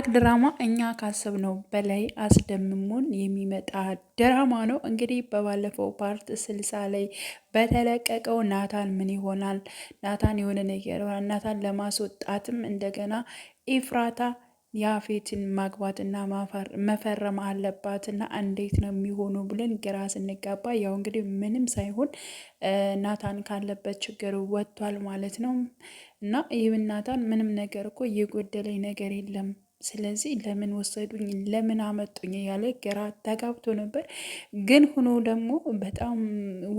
ሐረግ ድራማ እኛ ካሰብነው በላይ አስደምሞን የሚመጣ ድራማ ነው። እንግዲህ በባለፈው ፓርት ስልሳ ላይ በተለቀቀው ናታን ምን ይሆናል፣ ናታን የሆነ ነገር ይሆናል፣ ናታን ለማስወጣትም እንደገና ኢፍራታ ያፌትን ማግባትና መፈረም አለባትና እንዴት ነው የሚሆኑ ብለን ግራ ስንጋባ፣ ያው እንግዲህ ምንም ሳይሆን ናታን ካለበት ችግር ወጥቷል ማለት ነው። እና ይህን ናታን ምንም ነገር እኮ የጎደለኝ ነገር የለም ስለዚህ ለምን ወሰዱኝ ለምን አመጡኝ እያለ ግራ ተጋብቶ ነበር። ግን ሆኖ ደግሞ በጣም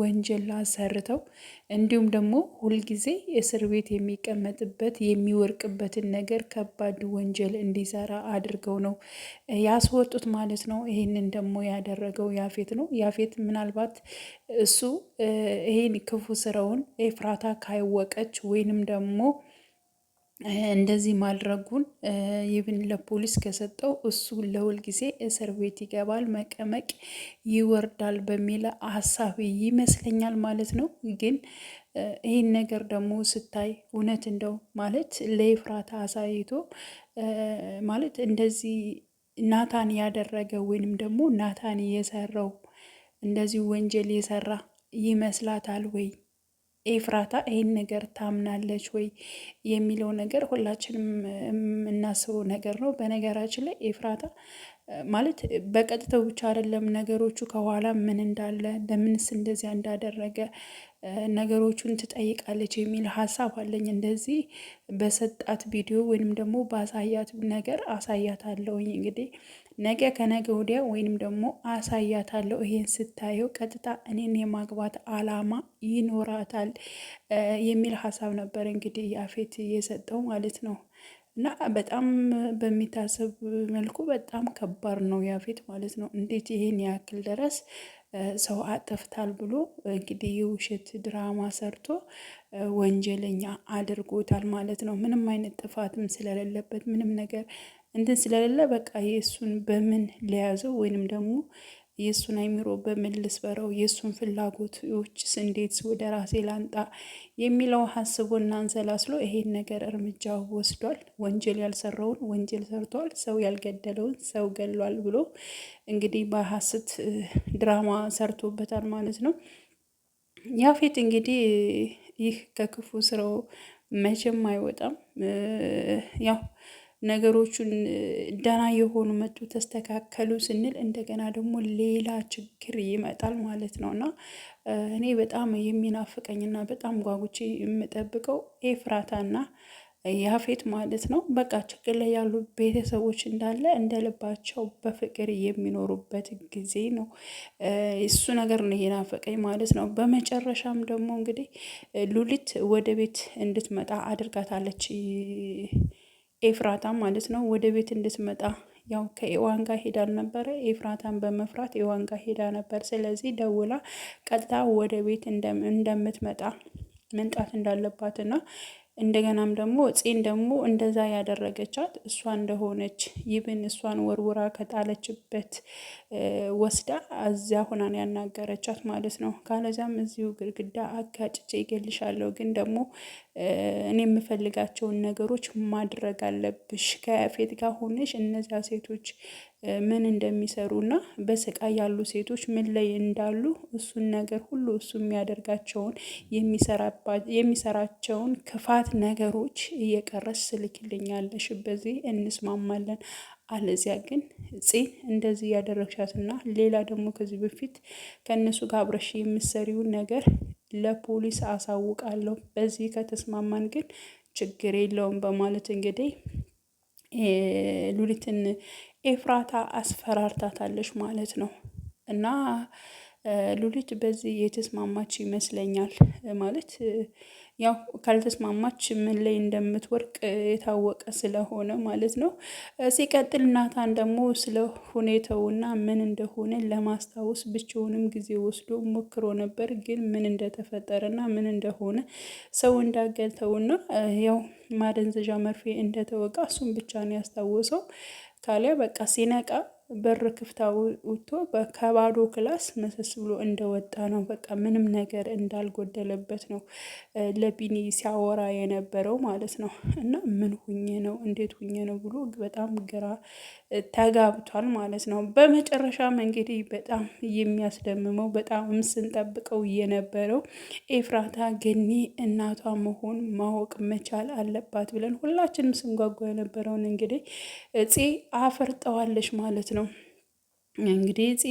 ወንጀል አሰርተው እንዲሁም ደግሞ ሁልጊዜ እስር ቤት የሚቀመጥበት የሚወርቅበትን ነገር ከባድ ወንጀል እንዲሰራ አድርገው ነው ያስወጡት ማለት ነው። ይህንን ደግሞ ያደረገው ያፌት ነው። ያፌት ምናልባት እሱ ይህን ክፉ ስራውን ኤፍራታ ካይወቀች ወይንም ደግሞ እንደዚህ ማድረጉን ይብን ለፖሊስ ከሰጠው እሱ ለሁል ጊዜ እስር ቤት ይገባል፣ መቀመቅ ይወርዳል በሚል ሀሳብ ይመስለኛል ማለት ነው። ግን ይህን ነገር ደግሞ ስታይ እውነት እንደው ማለት ለይፍራት አሳይቶ ማለት እንደዚህ ናታን ያደረገ ወይንም ደግሞ ናታን የሰራው እንደዚህ ወንጀል የሰራ ይመስላታል ወይ ኤፍራታ ይህን ነገር ታምናለች ወይ የሚለው ነገር ሁላችንም የምናስበው ነገር ነው። በነገራችን ላይ ኤፍራታ ማለት በቀጥታው ብቻ አይደለም ነገሮቹ ከኋላ ምን እንዳለ ለምንስ እንደዚያ እንዳደረገ ነገሮቹን ትጠይቃለች የሚል ሀሳብ አለኝ። እንደዚህ በሰጣት ቪዲዮ ወይንም ደግሞ በአሳያት ነገር አለውኝ። እንግዲህ ነገ ከነገ ወዲያ ወይንም ደግሞ አለው። ይሄን ስታየው ቀጥታ እኔን የማግባት አላማ ይኖራታል የሚል ሀሳብ ነበር እንግዲህ ያፌት የሰጠው ማለት ነው። እና በጣም በሚታሰብ መልኩ በጣም ከባድ ነው ያፌት ማለት ነው። እንዴት ይሄን ያክል ድረስ ሰው አጠፍታል ብሎ እንግዲህ የውሸት ድራማ ሰርቶ ወንጀለኛ አድርጎታል ማለት ነው። ምንም አይነት ጥፋትም ስለሌለበት ምንም ነገር እንትን ስለሌለ በቃ የእሱን በምን ሊያዘው ወይንም ደግሞ የእሱን አይምሮ በምን ልስበረው፣ የእሱን ፍላጎቶችስ እንዴት ወደ ራሴ ላንጣ የሚለው ሀስቦና አንሰላስሎ ይሄን ነገር እርምጃ ወስዷል። ወንጀል ያልሰራውን ወንጀል ሰርቷል፣ ሰው ያልገደለውን ሰው ገሏል ብሎ እንግዲህ በሀስት ድራማ ሰርቶበታል ማለት ነው። ያፌት እንግዲህ ይህ ከክፉ ስራው መቼም አይወጣም ያው ነገሮቹን ደህና የሆኑ መጡ ተስተካከሉ ስንል እንደገና ደግሞ ሌላ ችግር ይመጣል ማለት ነው እና እኔ በጣም የሚናፍቀኝና በጣም ጓጉቼ የምጠብቀው ኤፍራታና ያፌት ማለት ነው። በቃ ችግር ላይ ያሉ ቤተሰቦች እንዳለ እንደ ልባቸው በፍቅር የሚኖሩበት ጊዜ ነው። እሱ ነገር ነው የናፈቀኝ ማለት ነው። በመጨረሻም ደግሞ እንግዲህ ሉሊት ወደ ቤት እንድትመጣ አድርጋታለች። ኤፍራታ ማለት ነው ወደ ቤት እንድትመጣ ያው ከኤዋን ጋር ሄዳ ነበረ። ኤፍራታን በመፍራት ኤዋን ጋር ሄዳ ነበር። ስለዚህ ደውላ ቀጥታ ወደ ቤት እንደምትመጣ መምጣት እንዳለባትና እንደገናም ደግሞ ጼን ደግሞ እንደዛ ያደረገቻት እሷ እንደሆነች ይብን እሷን ወርውራ ከጣለችበት ወስዳ እዚያ ሁናን ያናገረቻት ማለት ነው። ካለዚያም እዚሁ ግድግዳ አጋጭቼ ይገልሻለሁ፣ ግን ደግሞ እኔ የምፈልጋቸውን ነገሮች ማድረግ አለብሽ ከያፌት ጋር ሆነሽ እነዚያ ሴቶች ምን እንደሚሰሩ ና በስቃይ ያሉ ሴቶች ምን ላይ እንዳሉ እሱን ነገር ሁሉ እሱ የሚያደርጋቸውን የሚሰራቸውን ክፋት ነገሮች እየቀረስ ስልክልኛለሽ፣ በዚህ እንስማማለን። አለዚያ ግን ፂን እንደዚህ ያደረግሻትና ሌላ ደግሞ ከዚህ በፊት ከእነሱ ጋር አብረሽ የምሰሪውን ነገር ለፖሊስ አሳውቃለሁ፣ በዚህ ከተስማማን ግን ችግር የለውም በማለት እንግዲህ ሉሊትን ኤፍራታ አስፈራርታታለች ማለት ነው እና ሉሊት በዚህ የተስማማች ይመስለኛል። ማለት ያው ካልተስማማች ምን ላይ እንደምትወርቅ የታወቀ ስለሆነ ማለት ነው። ሲቀጥል ናታን ደግሞ ስለ ሁኔታውና ምን እንደሆነ ለማስታወስ ብቻውንም ጊዜ ወስዶ ሞክሮ ነበር። ግን ምን እንደተፈጠረና ምን እንደሆነ ሰው እንዳገልተውና ያው ማደንዘዣ መርፌ እንደተወጋ እሱም ብቻ ነው ያስታወሰው። ካሊያ በቃ ሲነቃ በር ክፍታ ውቶ ከባዶ ክላስ መሰስ ብሎ እንደወጣ ነው። በቃ ምንም ነገር እንዳልጎደለበት ነው ለቢኒ ሲያወራ የነበረው ማለት ነው። እና ምን ሁኜ ነው እንዴት ሁኜ ነው ብሎ በጣም ግራ ተጋብቷል ማለት ነው። በመጨረሻም እንግዲህ በጣም የሚያስደምመው በጣም ስንጠብቀው የነበረው ኤፍራታ ገኒ እናቷ መሆን ማወቅ መቻል አለባት ብለን ሁላችንም ስንጓጓ የነበረውን እንግዲህ ጽ አፈርጠዋለች ማለት ነው። እንግዲህ ጽ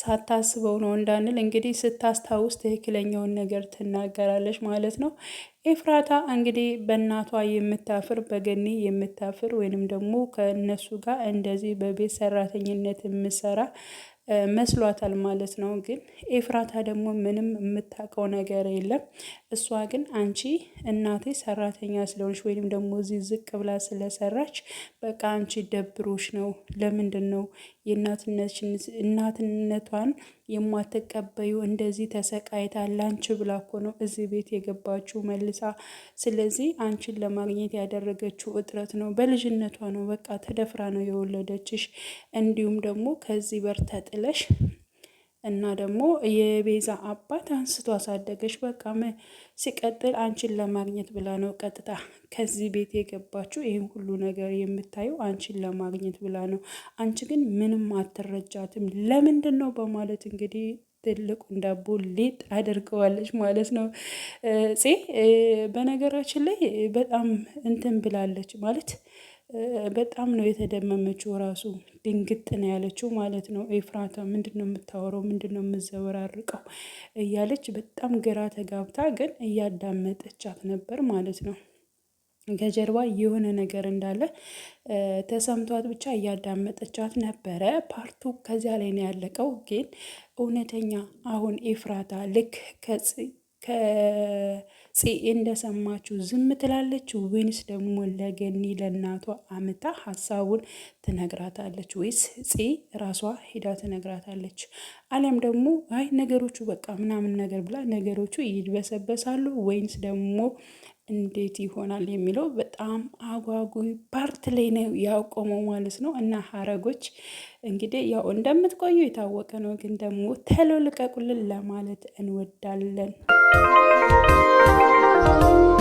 ሳታስበው ነው እንዳንል እንግዲህ ስታስታውስ ትክክለኛውን ነገር ትናገራለች ማለት ነው። ኤፍራታ እንግዲህ በእናቷ የምታፍር በገኒ የምታፍር ወይንም ደግሞ ከእነሱ ጋር እንደዚህ በቤት ሰራተኝነት የምሰራ መስሏታል ማለት ነው። ግን ኤፍራታ ደግሞ ምንም የምታውቀው ነገር የለም። እሷ ግን አንቺ እናቴ ሰራተኛ ስለሆነች ወይንም ደግሞ እዚህ ዝቅ ብላ ስለሰራች በቃ አንቺ ደብሮች ነው ለምንድን ነው የእናትነቷን የማትቀበዩ እንደዚህ ተሰቃይታ ላንቺ ብላ እኮ ነው እዚህ ቤት የገባችው መልሳ። ስለዚህ አንቺን ለማግኘት ያደረገችው እጥረት ነው። በልጅነቷ ነው በቃ ተደፍራ ነው የወለደችሽ። እንዲሁም ደግሞ ከዚህ በር ተጥለሽ እና ደግሞ የቤዛ አባት አንስቶ አሳደገች። በቃ ሲቀጥል አንቺን ለማግኘት ብላ ነው ቀጥታ ከዚህ ቤት የገባችው። ይህን ሁሉ ነገር የምታየው አንቺን ለማግኘት ብላ ነው። አንቺ ግን ምንም አትረጃትም። ለምንድን ነው በማለት እንግዲህ ትልቁን ዳቦ ሊጥ አድርገዋለች ማለት ነው። ፄ በነገራችን ላይ በጣም እንትን ብላለች ማለት በጣም ነው የተደመመችው። ራሱ ድንግጥ ነው ያለችው ማለት ነው። ኤፍራታ ምንድን ነው የምታወረው? ምንድን ነው የምዘበራርቀው? እያለች በጣም ግራ ተጋብታ ግን እያዳመጠቻት ነበር ማለት ነው። ከጀርባ የሆነ ነገር እንዳለ ተሰምቷት ብቻ እያዳመጠቻት ነበረ። ፓርቱ ከዚያ ላይ ነው ያለቀው። ግን እውነተኛ አሁን ኤፍራታ ልክ ከጽኤ እንደሰማችሁ ዝም ትላለች ወይንስ ደግሞ ለገኒ ለእናቷ አምታ ሀሳቡን ትነግራታለች ወይስ ጼ ራሷ ሄዳ ትነግራታለች? አሊያም ደግሞ አይ ነገሮቹ በቃ ምናምን ነገር ብላ ነገሮቹ ይድበሰበሳሉ ወይንስ ደግሞ እንዴት ይሆናል የሚለው በጣም አጓጉይ ፓርት ላይ ነው ያቆመው ማለት ነው። እና ሀረጎች እንግዲህ ያው እንደምትቆዩ የታወቀ ነው፣ ግን ደግሞ ተለው ልቀቁልን ለማለት እንወዳለን።